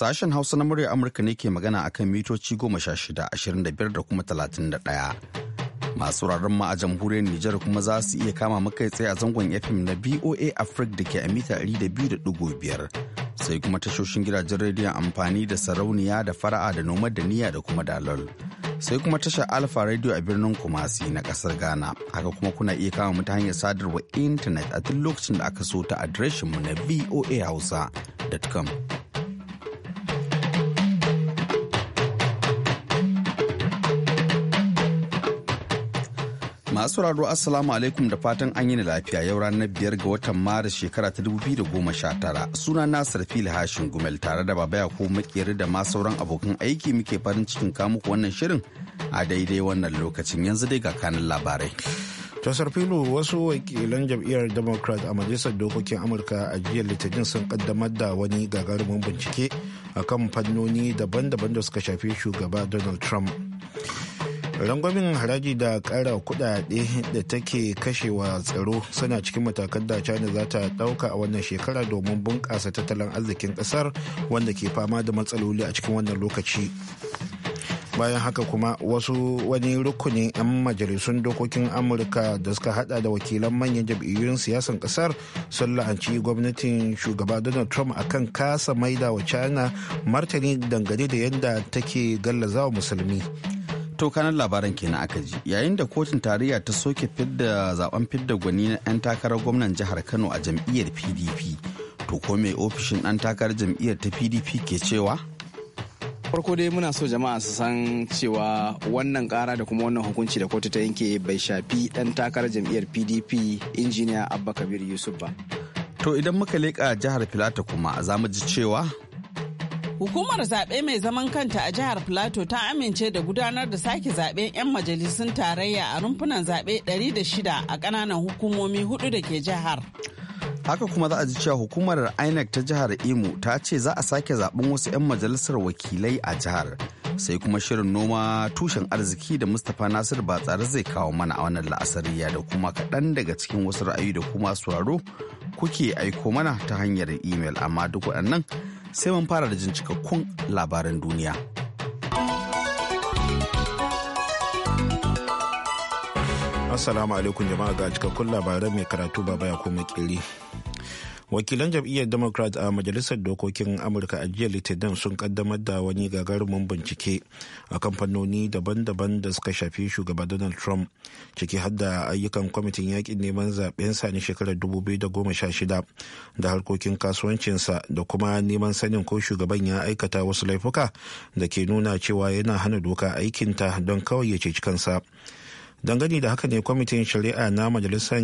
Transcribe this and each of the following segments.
Sashen Hausa na muryar Amurka ne ke magana a kan mitoci goma sha shida, ashirin da biyar da kuma talatin da ɗaya. Masu wuraren ma a jamhuriyar Nijar kuma za su iya kama muka tsaye a zangon FM na BOA Africa da ke a mita ɗari da biyu da ɗigo biyar. Sai kuma tashoshin gidajen rediyon amfani da sarauniya da fara'a da noma da niyya da kuma dalol. Sai kuma tashar Alfa Radio a birnin Kumasi na kasar Ghana. Haka kuma kuna iya kama mu ta hanyar sadarwa intanet a duk lokacin da aka so ta adireshinmu na voa hausa.com Masu sauraro Assalamu alaikum da fatan an yi ni lafiya yau ranar biyar ga watan Maris shekara ta dubu biyu da goma sha tara suna na Fili Hashin Gumel tare da babaya ko Makeri da ma sauran abokan aiki muke farin cikin kamuku wannan shirin a daidai wannan lokacin yanzu dai ga kanin labarai. to sarfilu wasu wakilan jam'iyyar Democrat a Majalisar Dokokin Amurka a jiya Litinin sun kaddamar da wani gagarumin bincike akan fannoni daban-daban da suka shafi shugaba Donald Trump. rangwamin haraji da kara kudade da take kashewa tsaro suna cikin matakan da china za ta dauka a wannan shekara domin bunkasa tattalin arzikin kasar wanda ke fama da matsaloli a cikin wannan lokaci bayan haka kuma wasu wani rukunin 'yan majalisun dokokin amurka da suka hada da wakilan manyan jam'iyyun siyasan kasar sun la'anci gwamnatin shugaba donald trump akan kasa maida wa china martani dangane da yadda take gallaza wa musulmi To kanan labaran kenan aka ji. Yayin da kotun tarayya ta soke fidda zaben fidda gwani na 'yan takarar gwamnan jihar Kano a jam'iyyar PDP. To ko mai ofishin ɗan takarar jam'iyyar ta PDP ke cewa? farko dai muna so jama'a su san cewa wannan kara da kuma wannan hukunci da kotu ta yanke bai shafi dan takarar jam'iyyar pdp injiniya abba kabir yusuf ba to idan muka leka jihar filata kuma za mu ji cewa Hukumar zaɓe mai zaman kanta a jihar Plateau ta amince da gudanar da sake zaɓen 'yan majalisun tarayya a rumfunan zaɓe 106 a ƙananan hukumomi hudu da ke jihar. Haka kuma za a ji cewa hukumar INEC ta jihar Imo ta ce za a sake zaɓen wasu 'yan majalisar wakilai a jihar. Sai kuma shirin noma tushen arziki da Mustapha Nasir ba tsare zai kawo mana a wannan la'asariya da kuma kaɗan daga cikin wasu ra'ayi da kuma sauraro kuke aiko mana ta hanyar imel amma duk waɗannan sai mun fara da jin cikakkun labaran duniya. Assalamu alaikum jama'a ga cikakkun labaran mai karatu baba ya kuma kiri. wakilan jam'iyyar democrat a majalisar dokokin amurka a jiya litinin sun kaddamar da wani gagarumin bincike a kamfanoni daban-daban da suka shafi shugaba donald trump ciki har da ayyukan kwamitin yakin neman zaben sa na shekarar 2016 da harkokin kasuwancinsa da kuma neman sanin ko shugaban ya aikata wasu laifuka da ke nuna cewa yana hana doka aikinta don kawai ya ce kansa dangane da haka ne kwamitin shari'a na majalisar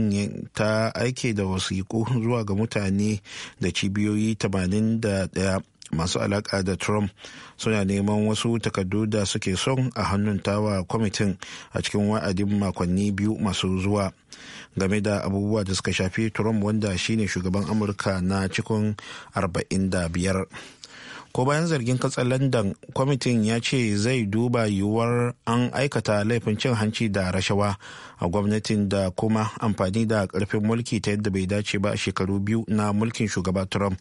ta aike da wasiƙu zuwa ga mutane da cibiyoyi 81 masu alaƙa da trump suna neman wasu takardu da suke son a hannun tawa kwamitin a cikin wa'adin makonni biyu masu zuwa game da abubuwa da suka shafi trump wanda shine shugaban amurka na cikin 45 ko bayan zargin katsar london kwamitin ya ce zai duba yiwuwar an aikata laifin cin hanci da rashawa a gwamnatin da kuma amfani da karfin mulki ta yadda bai dace ba a shekaru biyu na mulkin shugaba trump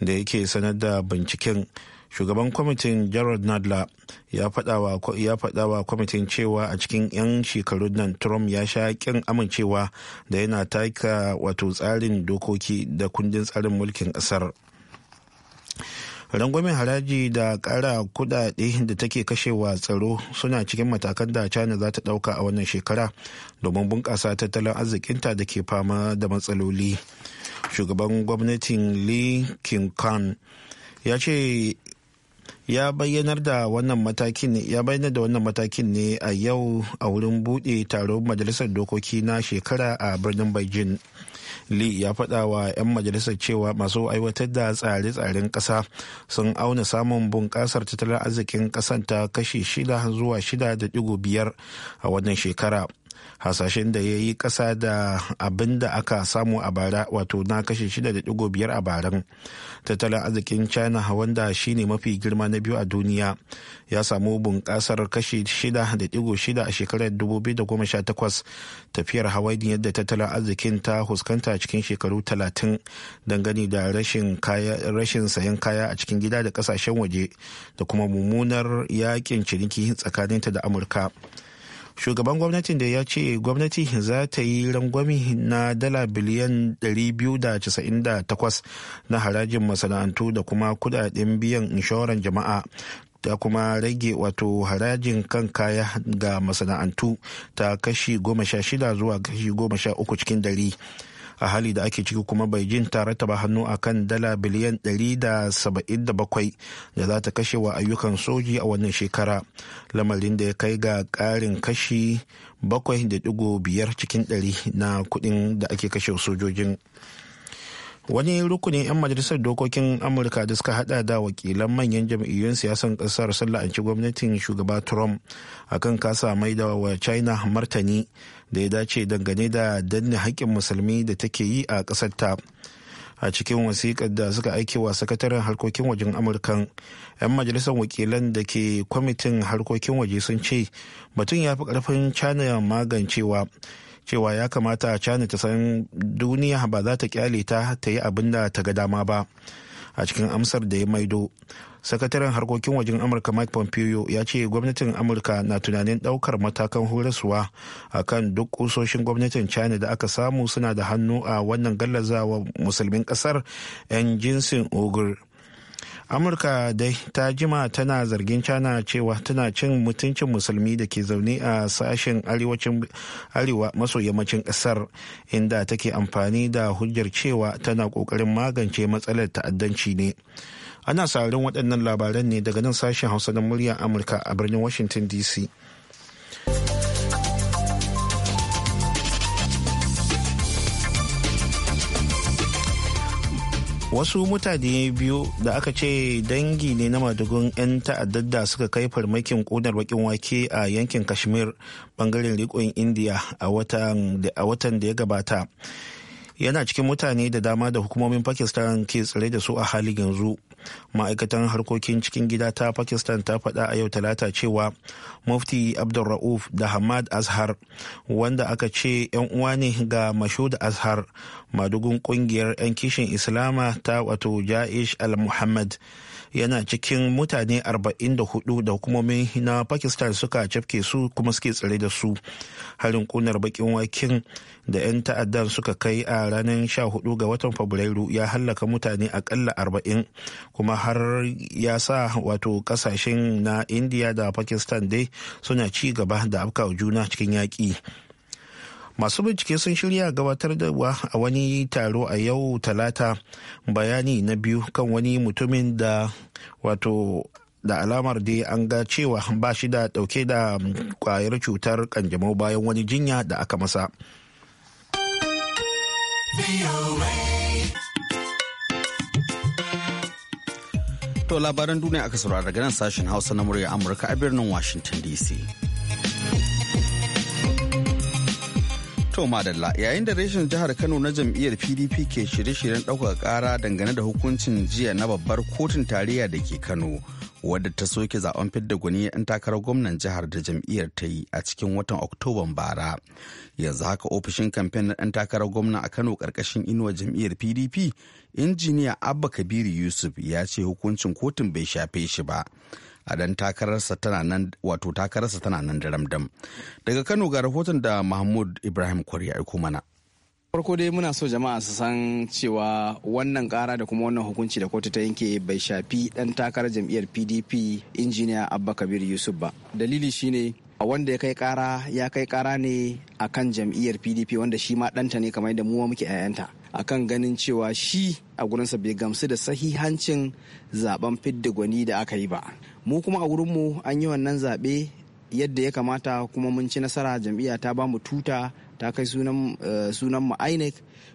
da yake sanar da binciken shugaban kwamitin gerald nadler ya fadawa kwamitin cewa a cikin 'yan shekarun nan trump ya sha kin amincewa da yana taka wato tsarin dokoki da kundin tsarin mulkin ƙasar rangwamen haraji da kara kudade da take kashewa tsaro suna cikin matakan da china za ta dauka a wannan shekara domin bunƙasa tattalin arzikinta da ke fama da matsaloli shugaban gwamnatin li khan ya ce ya bayyanar da wannan matakin ya bayyanar da wannan matakin ne a yau a wurin buɗe taron majalisar dokoki na shekara a birnin beijing lee ya faɗa wa 'yan majalisar cewa masu aiwatar da tsare-tsaren ƙasa sun auna samun bunƙasar tattalin arzikin ƙasar ta kashi shida zuwa shida da biyar a wannan shekara hasashen da ya yi kasa da abin da aka samu a bara wato na kashe 6.5 a baran tattalin arzikin china wanda shine mafi girma na biyu a duniya ya samu bunƙasar kashe 6.6 a shekarar 2018 tafiyar hawaii yadda tattalin arzikin ta huskanta cikin shekaru 30 dangane da rashin sayan kaya a cikin gida da kasashen waje da kuma mummunar yakin ciniki tsakaninta da amurka. shugaban gwamnatin da ya ce gwamnati za ta yi rangwami na dala biliyan 298 na harajin masana'antu da kuma kudaden biyan inshoran jama'a ta kuma rage wato harajin kan kaya ga masana'antu ta kashi 16 zuwa kashi 13 cikin dari. a hali da ake ciki kuma beijing ta rataba hannu a kan dala biliyan 177 da za ta kashe wa ayyukan soji a wannan shekara lamarin da ya kai ga karin kashi 7.5 cikin ɗari na kudin da ake kashe sojojin wani rukunin 'yan majalisar dokokin amurka da suka hada da wakilan manyan jam'iyyun siyasan kasar sun gwamnatin shugaba trump akan kasa mai da wa china martani da ya dace dangane da danne haƙƙin musulmi da take yi a ƙasar ta a cikin wasiƙar da suka aike wa sakataren harkokin wajen amurkan 'yan majalisar wakilan da ke kwamitin harkokin waje sun ce batun ya fi ƙarfin china magancewa cewa ya kamata china ta san duniya ba za ta kyale ta ta yi abin da ta ga dama ba a cikin amsar da ya maido sakataren harkokin wajen amurka mike pompeo ya ce gwamnatin amurka na tunanin daukar matakan horaswa a kan duk kusoshin gwamnatin china da aka samu suna da hannu a wannan gallazawa musulmin kasar 'yan jinsin ogur amurka dai ta jima tana zargin china cewa tana cin mutuncin musulmi da ke zaune a sashen arewa maso yammacin kasar inda take amfani da hujjar cewa tana kokarin magance matsalar ta'addanci ne. ana sauraron waɗannan labaran ne daga nan sashen hausa na muryar amurka a birnin washington dc wasu mutane biyu da aka ce dangi ne na madugun 'yan ta'addar da suka kai farmakin ƙunar bakin wake a yankin kashmir bangaren rikon indiya a watan da ya gabata yana cikin mutane da dama da hukumomin pakistan ke tsare da su a halin yanzu ma'aikatan harkokin cikin gida ta pakistan ta faɗa a yau talata cewa mufti abdulra'uf da hamad azhar wanda aka ce 'yan uwa ne ga mashud azhar madugun kungiyar 'yan kishin islama ta wato ja'ish al-muhammad yana cikin mutane 44 da hukumomi na pakistan suka cafke su kuma suke tsare da su harin kunar bakin wakin da 'yan ta'addan suka kai a ranar 14 ga watan fabrairu ya hallaka mutane akalla 40 kuma har ya sa wato kasashen na india da pakistan dai suna ci gaba da afkawa juna cikin yaƙi masu bincike sun shirya gabatar da a wani taro a yau talata bayani na biyu kan wani mutumin da wato da alamar dai an ga cewa ba shi da dauke da kwayar cutar kanjamau bayan wani jinya da aka masa. To labaran duniya aka saurara daga nan sashen Hausa na murya Amurka a birnin Washington DC. To madalla yayin da reshen jihar Kano na jam'iyyar PDP ke shirye-shiryen ɗaukaka ƙara dangane da hukuncin jiya na babbar kotun tarayya da ke Kano wadda ta soke zaben fidda gwani 'yan takarar gwamnan jihar da jam'iyyar ta yi a cikin watan Oktoban bara. Yanzu haka ofishin kamfen na ɗan takarar gwamna a Kano ƙarƙashin inuwa jam'iyyar PDP, injiniya Abba Kabiru Yusuf ya ce hukuncin kotun bai shafe shi ba. a dan takararsa tana nan wato takararsa tana nan daram daga Kano ga rahoton da Mahmud Ibrahim Kwari ya aiko mana farko dai muna so jama'a su san cewa wannan kara da kuma wannan hukunci da kotu ta yanke bai shafi dan takarar jam'iyyar pdp injiniya abba kabir yusuf ba dalili shine a wanda ya kai kara ya kai kara ne akan jam'iyyar pdp wanda shi ma danta ne kamar yadda mu muke 'ya'yanta akan ganin cewa shi a gurinsa bai gamsu da sahihancin zaben fidda gwani da aka yi ba mu kuma a wurinmu an yi wannan zaɓe yadda ya kamata kuma mun ci nasara jam'iyya ta bamu tuta ta kai sunan eh, mu inec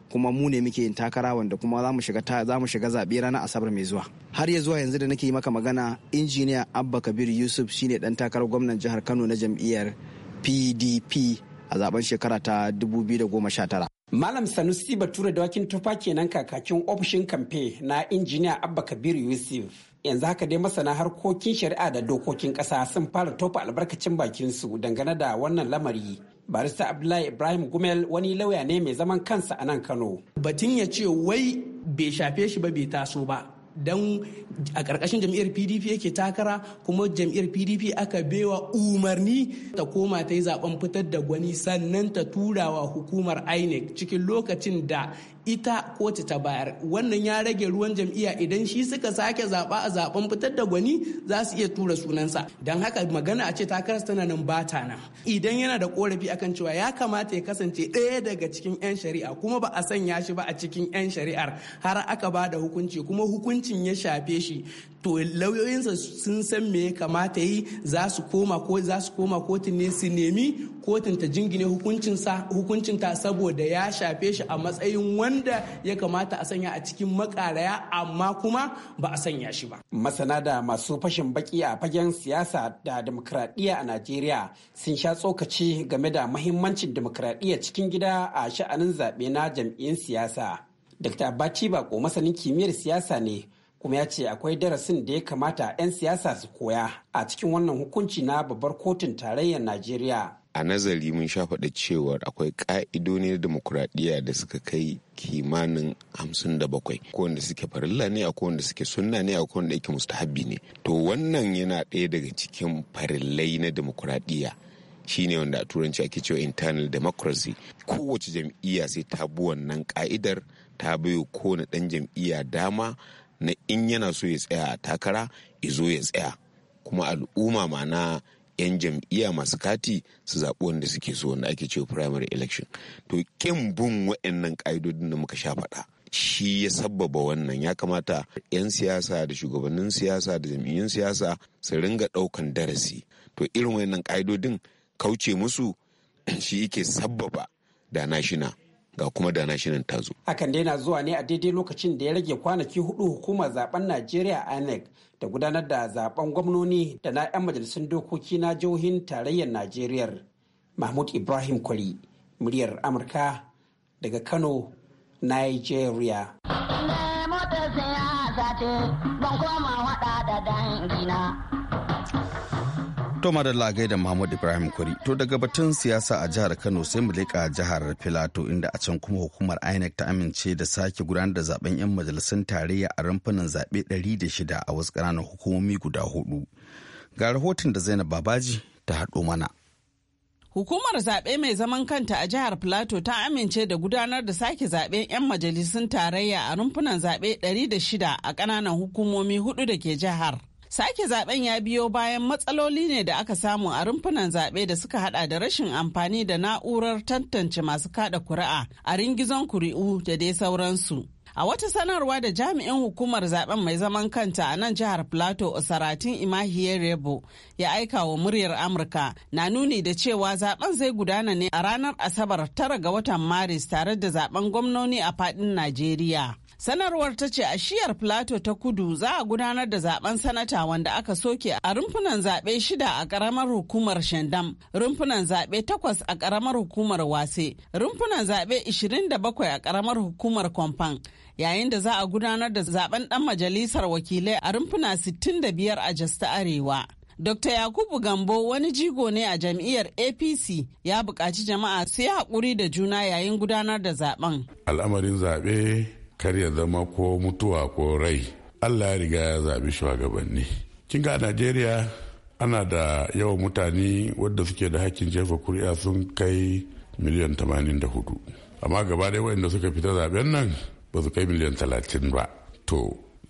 kuma mu ne muke yin takara wanda kuma za mu shiga za mu shiga zabe ranar asabar mai zuwa har ya zuwa yanzu da nake yi maka magana injiniya abba kabir yusuf shine dan takarar gwamnan jihar kano na jam'iyyar pdp a zaben shekara ta 2019 Malam Sanusi Bature da wakin tufa kenan kakakin ofishin kamfe na injiniya Abba Kabir Yusuf. yanzu haka dai masana harkokin shari'a da dokokin ƙasa sun fara tofa albarkacin bakinsu dangane da wannan lamari barista abdullahi ibrahim gumel wani lauya ne mai zaman kansa a nan kano batun ya ce wai bai shafe shi ba bai taso ba don a ƙarƙashin jam'iyyar pdp yake takara kuma jam'iyyar pdp aka bewa umarni ta koma ta yi zaben fitar da gwani sannan ta turawa hukumar inec cikin lokacin da ita kotu ta bayar wannan ya rage ruwan jam'iyya idan shi suka sake zaba a zaben fitar da gwani za su iya tura sunansa don haka magana a ce takarar tana nan bata nan idan yana da korafi akan cewa ya kamata ya kasance ɗaya daga cikin 'yan shari'a kuma ba a sanya shi ba a cikin 'yan shari'ar har aka ba da hukunci kuma hukuncin ya shafe shi to lauyoyinsa sun san me ya kamata yi za su koma ko za su koma kotun ne su nemi kotun ta jingine ta saboda ya shafe shi a matsayin wanda ya kamata a sanya a cikin makaraya amma kuma ba a sanya shi ba. Masana da masu fashin baki a fagen siyasa da demokradiyya a Najeriya sun sha tsokaci game da mahimmancin demokradiyya cikin gida a sha'anin zaɓe na jam'iyyun siyasa. Dr. bati Bako masanin kimiyyar siyasa ne kuma ya ce akwai darasin da ya kamata 'yan siyasa su koya a cikin wannan hukunci na babbar kotun tarayyar najeriya a nazari mun sha faɗa cewar akwai ƙa'idoni na demokuraɗiyya da suka kai kimanin hamsin da bakwai ko wanda suke farilla ne a wanda suke sunna ne a wanda yake mustahabbi ne to wannan yana ɗaya daga cikin farillai na demokuraɗiyya shine wanda a turanci ake cewa internal democracy kowace jam'iyya sai ta bi wannan ka'idar ta bi kowane ɗan jam'iyya dama na in yana so ya tsaya a takara izo ya tsaya kuma al'umma ma na 'yan jam'iyya masu kati su zaɓi wanda suke so wanda ake cewa primary election to kin bin wa'annan ƙa'idodin da muka sha faɗa shi ya sabbaba wannan ya kamata 'yan siyasa da shugabannin siyasa da jam'iyyun siyasa su ringa ɗaukan darasi to irin wa'annan ƙa'idodin kauce musu shi yake sabbaba da na na. ga kuma dana shirin ta zo. Hakan dai na zuwa ne a daidai lokacin da ya rage kwanaki hudu hukumar zaben Najeriya INEC da gudanar da zaben gwamnoni da na 'yan majalisun dokoki na jihohin tarayyar Najeriya. Mahmud Ibrahim Kwari, muryar Amurka daga Kano, Nigeria. Ban koma da dangina. To madalla gaida Muhammad Ibrahim Kuri. To daga batun siyasa a jihar Kano sai mu leƙa jihar Filato inda a can kuma hukumar INEC ta amince da sake gudanar da zaben 'yan majalisun tarayya a rumfunan zaɓe 106 a wasu ƙananan hukumomi guda hudu. Ga rahoton da Zainab Babaji ta haɗo mana. Hukumar zaɓe mai zaman kanta a jihar filato ta amince da gudanar da sake zaɓen 'yan majalisun tarayya a rumfunan zaɓe 106 a ƙananan hukumomi hudu da ke jihar. Sake zaben ya biyo bayan matsaloli ne da aka samu a rumfunan zaɓe da suka hada da rashin amfani da na'urar tantance masu kada kuri'a a ringizon kuri'u da dai sauransu. A wata sanarwa da jami'in hukumar zaben mai zaman kanta a nan jihar Plateau Osaratin Imahiyar Rebo ya aika wa muryar Amurka na nuni da cewa zaben zai gudana ne a ranar Asabar tara ga watan Maris tare da zaben gwamnoni a fadin Najeriya. Sanarwar ta ce a shiyar Plateau ta kudu za a gudanar da zaben sanata wanda aka soke a rumfunan zaɓe shida a ƙaramar hukumar Shandam, rumfunan zaɓe takwas a ƙaramar hukumar Wase, rumfunan zaɓe 27 a ƙaramar hukumar Kwamfan, yayin da za a gudanar da zaben dan majalisar wakilai a rumfuna 65 a jasta Arewa. Dr. Yakubu Gambo wani jigo ne a jam'iyyar APC ya buƙaci jama'a su yi haƙuri da juna yayin gudanar da zaben. Al'amarin zaɓe kar ya zama ko mutuwa ko rai. Allah ya riga ya zaɓi shugabanni. Kin ga Najeriya ana da yawan mutane wadda suke da hakkin jefa kuri'a sun kai miliyan 84. Amma gaba da waɗanda suka fita zaɓen nan ba su kai miliyan talatin ba to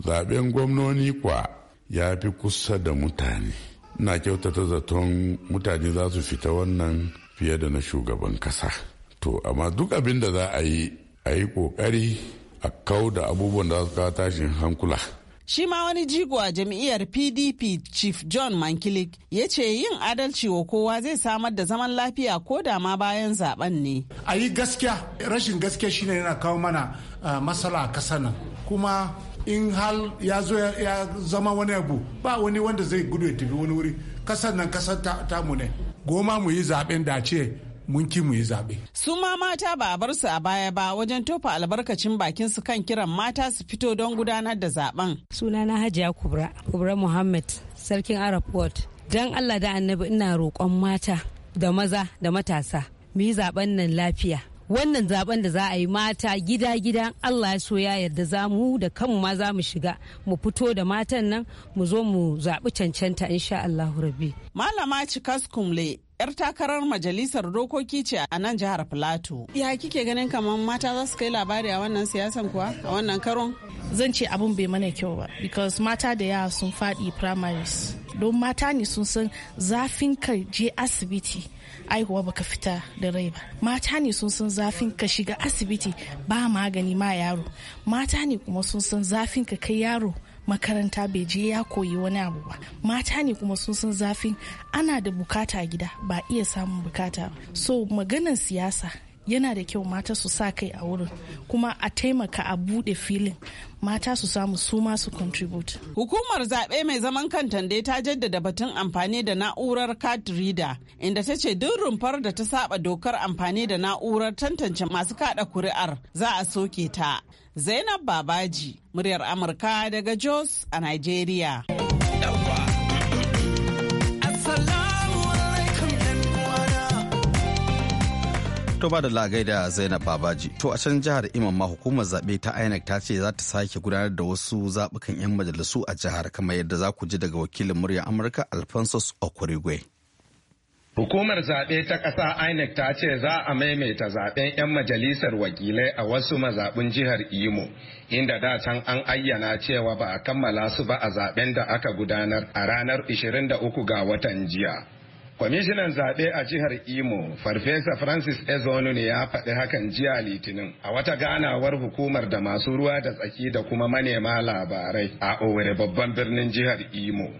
zaben gwamnoni kwa ya fi kusa da mutane na kyautata zaton mutane za su fita wannan fiye da na shugaban kasa to amma duk abin da za a yi a yi ƙoƙari a kau da abubuwan da za su kawo tashin hankula Shi ma wani jigo a jam'iyyar PDP Chief John Mankilik ya ce yin adalci wa kowa zai samar da zaman lafiya ko da ma bayan zaben ne. A yi gaskiya, rashin gaskiya shine yana kawo mana eh, matsala a ƙasa nan. Kuma in hal ya zo ya zama wani abu ba wani wanda zai gudu ya tafi wani wuri kasar nan kasar mu ne goma mu yi zaben da ce mun ki mu yi zaɓe. Su ma mata ba a bar su a baya ba wajen tofa albarkacin bakin su kan kiran mata su fito don gudanar da zaben. Sunana Hajiya Kubra, Kubra Muhammad, Sarkin Arab World. Don Allah da annabi ina roƙon mata da maza da matasa mu yi zaben nan lafiya. Wannan zaben da za a yi mata gida gida Allah ya so ya yarda za mu da kanmu ma za mu shiga mu fito da matan nan mu zo mu zaɓi cancanta insha Allah rabbi. Malama Cikas Kumle 'yar takarar majalisar dokoki ce a nan jihar Filato. Ya kike ganin kamar mata za su kai labari a wannan siyasan kuwa a wannan karon? Zan ce abun bai mana kyau ba, because mata da yawa sun faɗi primaries. Don mata ne sun san zafin ka je asibiti aihuwa baka fita da rai ba. Mata ne sun san zafin ka shiga asibiti ba magani ma yaro. Mata ne kuma sun san zafin ka kai yaro makaranta bai je ya koyi wani abu ba mata ne kuma sun san zafin ana da bukata gida ba iya samun bukata so maganan siyasa yana da kyau mata su sa kai a wurin kuma a taimaka a bude filin mata su samu su ma su contribute. Hukumar zaɓe mai zaman kanta dai ta jaddada batun amfani da na'urar card reader inda ta ce duk rumfar da ta saba dokar amfani da na'urar tantance masu kada kuri'ar za a soke ta. Zainab Babaji, muryar Amurka daga Jos a Nigeria. To ba da lagai da Zainab Babaji. To a can jihar Imam ma hukumar zaɓe ta INEC ta ce za ta sake gudanar da wasu zaɓukan 'yan majalisu a jihar kamar yadda za ku ji daga wakilin muryar Amurka Alphonsus Okurigwe. Hukumar zaɓe ta ƙasa INEC ta ce za a maimaita zaɓen 'yan majalisar wakilai a wasu mazaɓin jihar Imo, inda da can an ayyana cewa ba a kammala su ba a zaɓen da aka gudanar a ranar 23 ga watan jiya. Kwamishinan zaɓe a jihar Imo, Farfesa Francis Ezonu ne ya faɗi hakan jiya Litinin a wata ganawar hukumar da masu ruwa da tsaki da kuma manema labarai a Owerri babban birnin jihar Imo.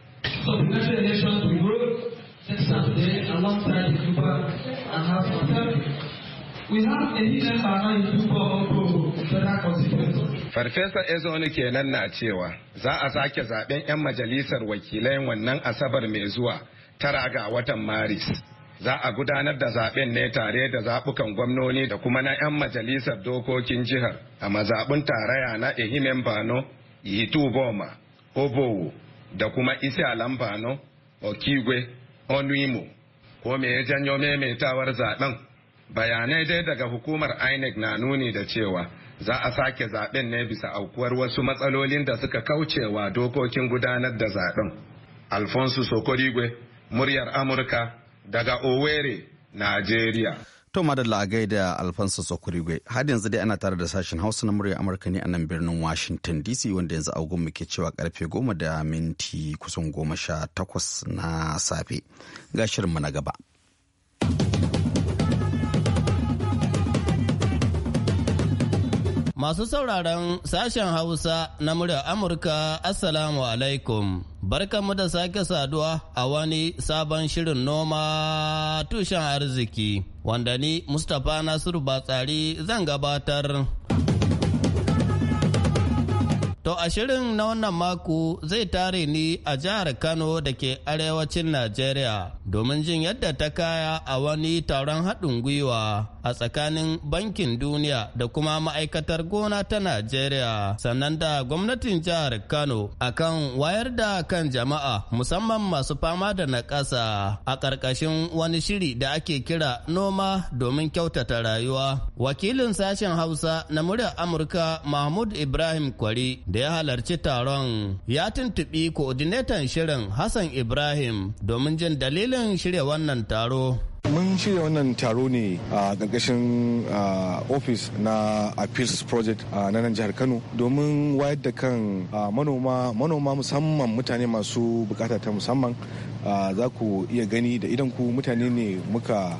Farfesa Ezonu kenan na cewa za a sake zaben 'yan majalisar wakilai wannan asabar mai zuwa tara ga watan maris za a gudanar da zaben ne tare da zaɓukan gwamnoni da kuma na 'yan majalisar dokokin jihar a mazaɓin taraya na ehimen bano yitu boma obowo da kuma isialan bano okigwe onuimu ko me ya janyo maimaitawar zaɓen? bayanai dai daga hukumar inec na nuni da cewa za a sake zaɓen ne bisa aukuwar wasu matsalolin da suka kaucewa dokokin gudanar da zaɓen. alfonso sokorigwe muryar Amurka daga Owerri, Najeriya. To madalla a gaida Alfonso Sokurigwe. Har yanzu dai ana tare da sashen Hausa na muryar Amurka ne a nan birnin Washington DC wanda yanzu agun ke cewa karfe goma da minti kusan goma sha takwas na safe. Ga shirinmu na gaba. Masu sauraron sashen Hausa na muryar Amurka, Assalamu alaikum. Barkanmu da sake saduwa a wani sabon shirin noma tushen arziki, wanda ni Mustapha Nasiru Batsari zan gabatar. To a shirin na wannan mako zai tare ni a jihar Kano da ke arewacin Najeriya domin jin yadda ta kaya a wani taron haɗin gwiwa. a tsakanin bankin duniya da kuma ma'aikatar gona ta najeriya sannan da gwamnatin jihar kano akan wayar da kan jama'a musamman masu fama da nakasa a ƙarƙashin wani shiri da ake kira noma domin kyautata rayuwa wakilin sashen hausa na muryar amurka mahmud ibrahim kwari da ya halarci taron ya tuntuɓi coordinator shirin hassan ibrahim domin jin dalilin shirya wannan taro mun shirya wannan taro ne a ƙarƙashin ofis na appeals project na nan jihar kano domin wayar da kan manoma manoma musamman mutane masu bukata ta musamman za ku iya gani da idan ku mutane ne muka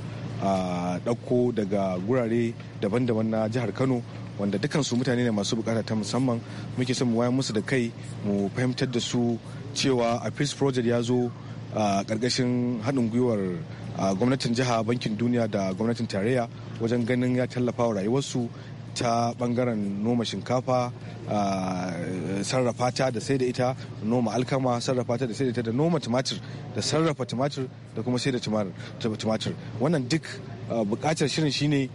ɗauko daga gurare daban-daban na jihar kano wanda dukansu mutane ne masu bukata ta musamman muke son mu wayar musu da kai mu fahimtar da su cewa a peace project ya zo a ƙarƙashin haɗin gwiwar gwamnatin jiha bankin duniya da gwamnatin tarayya wajen ganin ya tallafa wa rayuwarsu ta bangaren noma shinkafa sarrafa ta da sai da ita noma alkama sarrafa ta da sai da ita da noma tumatir da sarrafa tumatir da kuma sai da tumatir wannan duk bukatar shirin shine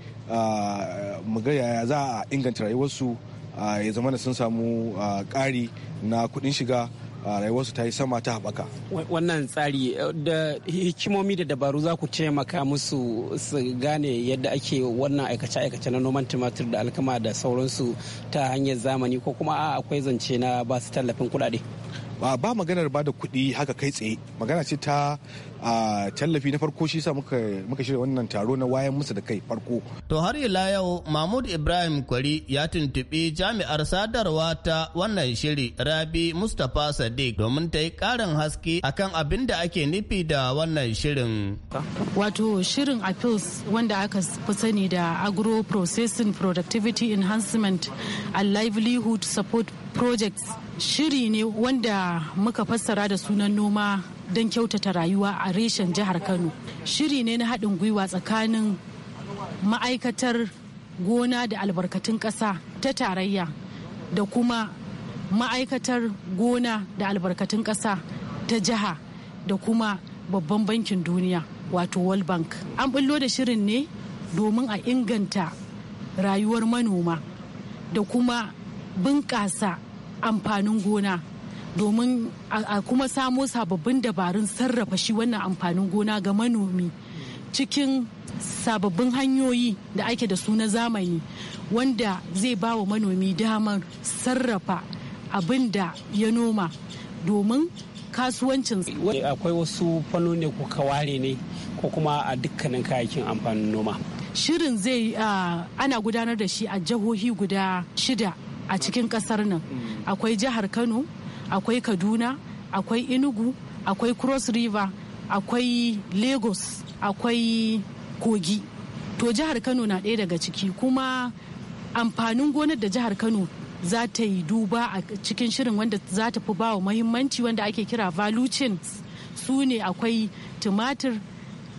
mu ga yaya za a inganta rayuwarsu ya zama da sun samu ƙari na kuɗin shiga rayuwarsu ta yi sama ta haɓaka. Wannan tsari eh, da hikimomi da dabaru za ku taimaka musu su gane yadda ake wannan aikace-aikace na noman tumatir da alkama da sauransu ta hanyar zamani ko kuma a akwai zance na ba su tallafin kuɗaɗe. Ba maganar ba da kuɗi haka kai tsaye magana ce ta a tallafi na farko shi sa muka shirya wannan taro na wayan musu da kai farko. To har ila yau Mahmud Ibrahim Kwari ya tuntuɓi jami'ar sadarwa ta wannan shiri Rabi Mustapha Sadiq domin ta yi ƙarin haske akan abin da ake nufi da wannan shirin. Wato shirin appeals wanda aka fi sani da agro processing productivity enhancement and livelihood support projects shiri ne wanda muka fassara da sunan noma don kyautata rayuwa a reshen jihar kano shiri ne na haɗin gwiwa tsakanin ma'aikatar gona da albarkatun ƙasa ta tarayya da kuma ma'aikatar gona da albarkatun ƙasa ta jiha da kuma babban bankin duniya wato world bank an bullo da shirin ne domin a inganta rayuwar manoma da kuma bunƙasa amfanin gona domin a kuma samo sababbin dabarun sarrafa shi wannan amfanin gona ga manomi cikin sababbin hanyoyi da ake da su na zamani wanda zai ba wa manomi damar sarrafa abin da ya noma domin kasuwancin akwai wasu fannoni ko kaware ne ko kuma a dukkanin kayayyakin amfanin noma shirin zai ana gudanar da shi a jihohi guda shida a cikin kasar nan mm. akwai jihar kano akwai kaduna akwai inugu akwai cross river akwai lagos akwai kogi to jihar kano na ɗaya daga ciki kuma amfanin gonar da jihar kano za ta yi duba a cikin shirin wanda za ta fi bawa wa mahimmanci wanda ake kira value chains su ne akwai tumatir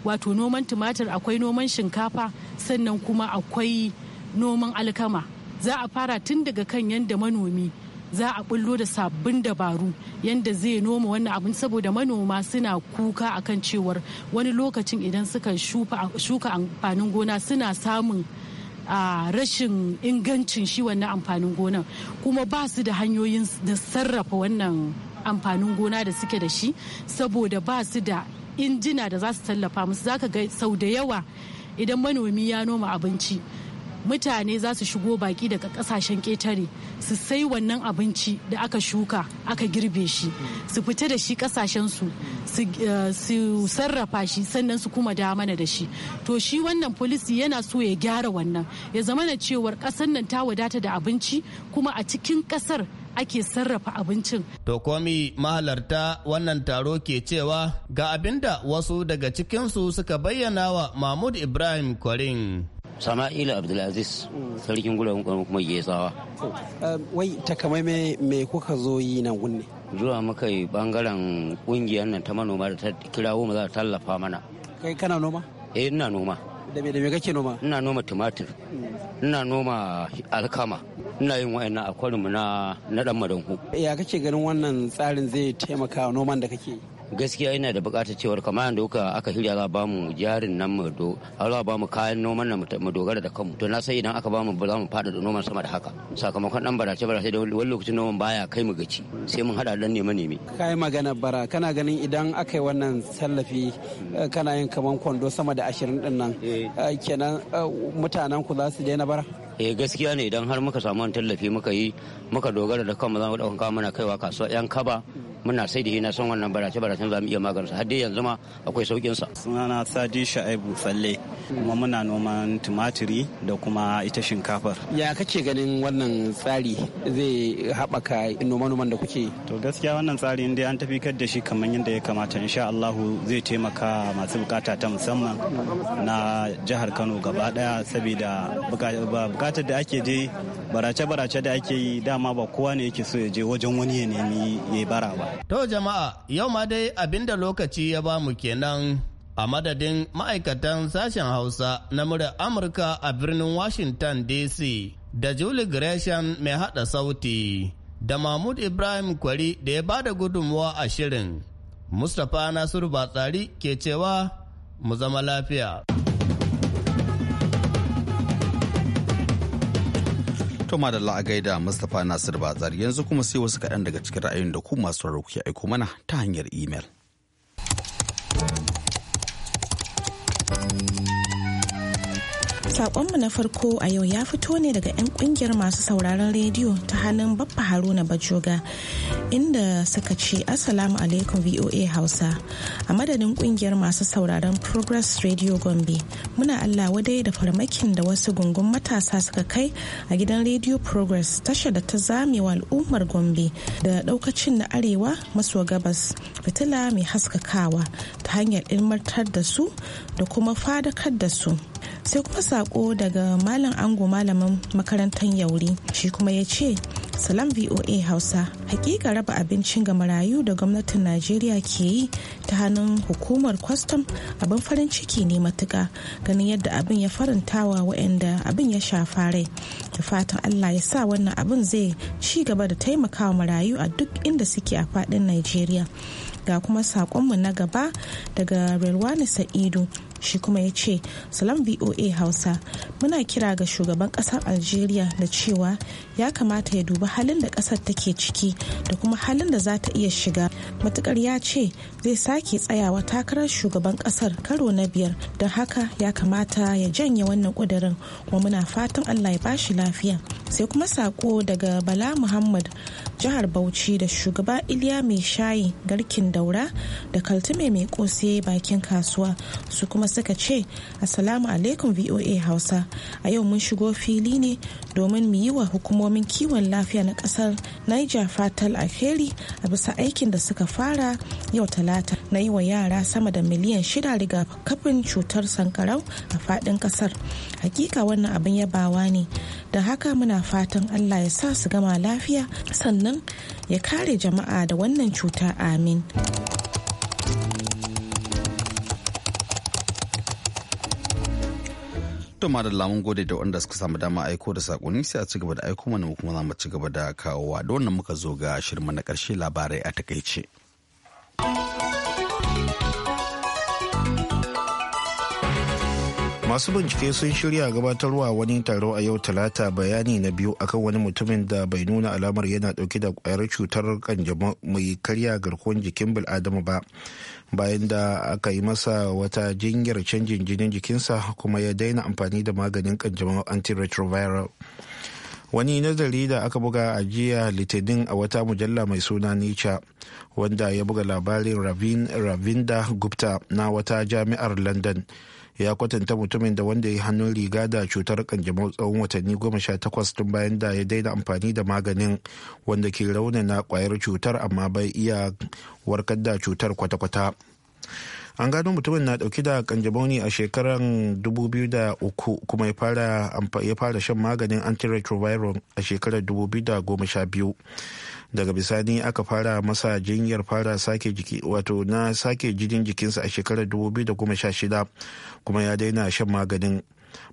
wato noman tumatir akwai noman shinkafa sannan kuma akwai noman alkama za a fara tun daga kan yadda manomi za a bullo da sabbin dabaru yadda zai noma wannan abin saboda manoma suna kuka akan cewar wani lokacin idan suka shuka amfanin gona suna samun a rashin ingancin shi wannan amfanin gonan kuma ba su da hanyoyin da sarrafa wannan amfanin gona da suke da shi saboda ba su da injina da za su tallafa musu zaka ga sau da yawa idan manomi ya noma abinci mutane za su shigo baki daga kasashen ƙetare su sai wannan abinci da aka shuka aka girbe shi su fita da shi kasashen su eh, su sarrafa shi sannan su kuma da mana da shi to shi wannan polisi yana so ya gyara wannan ya zama na cewar ƙasar nan ta wadata da abinci kuma a cikin ƙasar ake sarrafa abincin. To komi mahalarta wannan taro ke cewa ga abinda wasu daga cikinsu suka bayyana wa Mahmud Ibrahim Kwarin. sama'ila abdulaziz sarkin gulayen kuma kuma tsawa eh, wai takamai me kuka zo yi nan gunne zuwa muka yi bangaren kungiyar nan ta manoma da ta kirawo mu za ta tallafa mana kai kana noma eh ina noma da me da me kake noma ina noma tumatir ina noma alkama ina yin wayannan akwarinmu na na dan madanku ya kake ganin wannan tsarin zai taimaka noman da kake yi gaskiya ina da bukatar cewar kamar yadda kuka aka hirya za ba mu jarin nan mu do har za ba mu kayan noman nan mu dogara da kanmu to na sai idan aka ba mu za mu fada da noman sama da haka sakamakon dan barace barace da wani lokacin noman baya kai mu gaci sai mun hada dan neme neme kai magana bara kana ganin idan aka yi wannan tallafi eh, kana yin kaman kwando sama da 20 din nan eh. Eh, kenan mutanen ku za su daina bara eh gaskiya ne idan har muka samu tallafi muka yi muka dogara da kanmu za mu dauka mana kaiwa kasuwa yan kaba muna sai da na son wannan barace baracen za mu iya magansa har dai yanzu ma akwai saukin sa sunana sadi sha'ibu falle kuma muna noman tumatiri da kuma ita shinkafar ya kake ganin wannan tsari zai haɓaka noman noman da kuke to gaskiya wannan tsari inda an tafi kar da shi kamar yadda ya kamata insha Allah zai taimaka masu bukata ta musamman na jihar Kano gaba daya saboda bukatar da ake je barace barace da ake yi dama ba kowa ne yake so ya je wajen wani ya nemi ya bara ba To jama'a yau ma dai abinda lokaci ya ba bamu kenan a madadin ma'aikatan sashen Hausa na murar Amurka a birnin Washington DC da Julie Gresham mai hada sauti da Mahmud Ibrahim Kwari da ya bada gudunmuwa a shirin. Mustapha Nasiru Batsari ke cewa mu zama lafiya. To da la'agai da Mustapha Nasir Bazar yanzu kuma sai wasu kaɗan daga cikin ra'ayin da ku masu ya aiko mana ta hanyar imel. Sakonmu na farko a yau ya fito ne daga 'yan ƙungiyar masu sauraron rediyo ta hannun Baffa Haruna Bajoga inda suka ce Assalamu alaikum VOA Hausa a madadin ƙungiyar masu sauraron Progress Radio Gombe muna Allah wadai da farmakin da wasu gungun matasa suka kai a gidan Radio Progress tasha da ta zamewa al'ummar Gombe da daukacin na arewa maso gabas fitila mai haskakawa ta hanyar ilmantar da su da kuma fadakar da su. sai kuma sako daga malam ango malamin makarantar yauri shi kuma ya ce salam voa hausa hakika raba abincin ga marayu da gwamnatin najeriya ke yi ta hannun hukumar kwastam abin farin ciki ne matuka ganin yadda abin ya farantawa waɗanda abin ya shafa rai da fatan allah ya sa wannan abin zai ci gaba da taimakawa marayu a duk inda suke a faɗin najeriya ga kuma sakonmu na gaba daga Relwani Sa'idu shi kuma ya ce salam voa hausa muna kira ga shugaban kasar algeria da cewa ya kamata ya dubi halin da kasar take ciki da kuma halin da za ta iya shiga matukar ya ce zai sake tsayawa takarar shugaban kasar karo na biyar don haka ya kamata ya janye wannan kudirin wa muna fatan allah ya bashi lafiya sai kuma sako daga bala muhammad jihar bauchi da shugaba iliya mai shayi garkin daura da kaltume mai kose bakin kasuwa su kuma kuma suka ce assalamu alaikum voa hausa a yau mun shigo fili ne domin mu yi wa hukumomin kiwon lafiya na kasar niger fatal alheri a bisa aikin da suka fara yau talata na yi wa yara sama da miliyan shida rigakafin cutar sankarau a fadin kasar hakika wannan abin yabawa ne da haka muna fatan allah ya sa su gama lafiya sannan ya kare jama'a da wannan cuta amin. To ma da lamun gode da wanda suka samu dama aiko da sakonni sai a ci gaba da aiko mana kuma za mu ci gaba da kawowa da wannan muka zo ga shirma na karshe labarai a takaice. masu bincike sun shirya gabatarwa wani taro a yau talata bayani na biyu akan wani mutumin da bai nuna alamar yana dauke da kwayar cutar kanjamau mai karya garkuwar jikin bil'adama ba bayan da aka yi masa wata jinyar canjin jinin jikinsa kuma ya daina amfani da maganin kanjamau antiretroviral wani nazari da aka buga a jiya litinin a wata mujalla mai suna nica wanda ya buga labarin ravinda gupta na wata jami'ar london ya kwatanta mutumin da wanda ya hannun riga da cutar kanjamau tsawon watanni goma sha takwas tun bayan da ya daina amfani da maganin wanda ke raunana kwayar cutar amma bai iya warkar da cutar kwata-kwata an gano mutumin na dauki da kanjamoni a shekarar 2003 kuma ya fara shan maganin antiretroviral a shekarar 2012 daga bisani aka fara masa jinyar fara sake jiki wato na sake jinin jikinsa a shekarar 2016 kuma ya daina shan maganin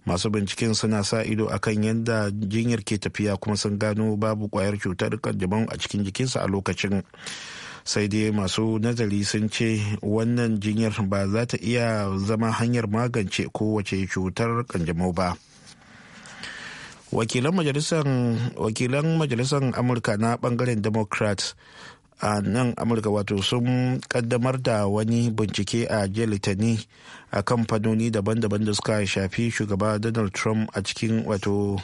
masu binciken suna sa ido a kan yadda jinyar ke tafiya kuma sun gano babu kwayar cutar kanjamau a cikin jikinsa a lokacin sai dai masu nazari sun ce wannan jinyar ba za ta iya zama hanyar magance kowace cutar kanjamau ba wakilan majalisar amurka na bangaren democrats a nan amurka wato sun kaddamar da wani bincike a jiya litani a kamfanoni daban-daban da suka shafi shugaba donald trump a cikin wato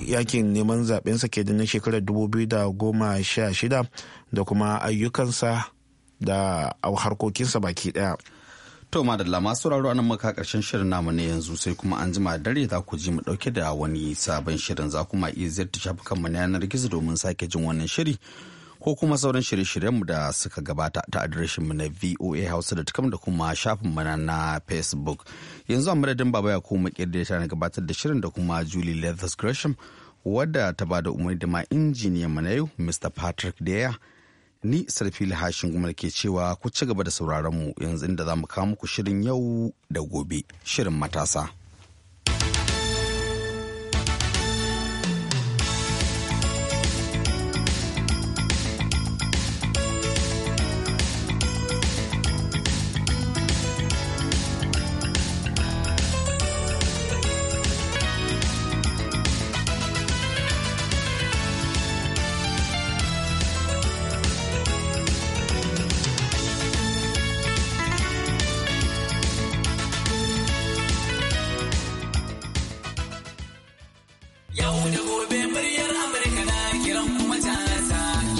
yakin neman zaɓensa ke da na shekarar 2016 da kuma ayyukansa da harkokinsa baki ɗaya. To madalla masu sauraro anan muka karshen shirin namu ne yanzu sai kuma an jima dare za ku ji mu dauke da wani sabon shirin za kuma iya ziyarta shafukanmu na yanar gizo domin sake jin wannan shiri ko kuma sauran shirye-shiryenmu da suka gabata ta mu na voa hausa da tukam da kuma shafin mana na facebook yanzu a madadin baba ya kuma kirda ta na gabatar da shirin da kuma julie leathers gresham wadda ta ba da umarni da ma injiniyan mu na yau mr patrick daya ni sarfili hashin kuma ke cewa ku ci gaba da sauraron mu yanzu inda za mu kawo muku shirin yau da gobe shirin matasa.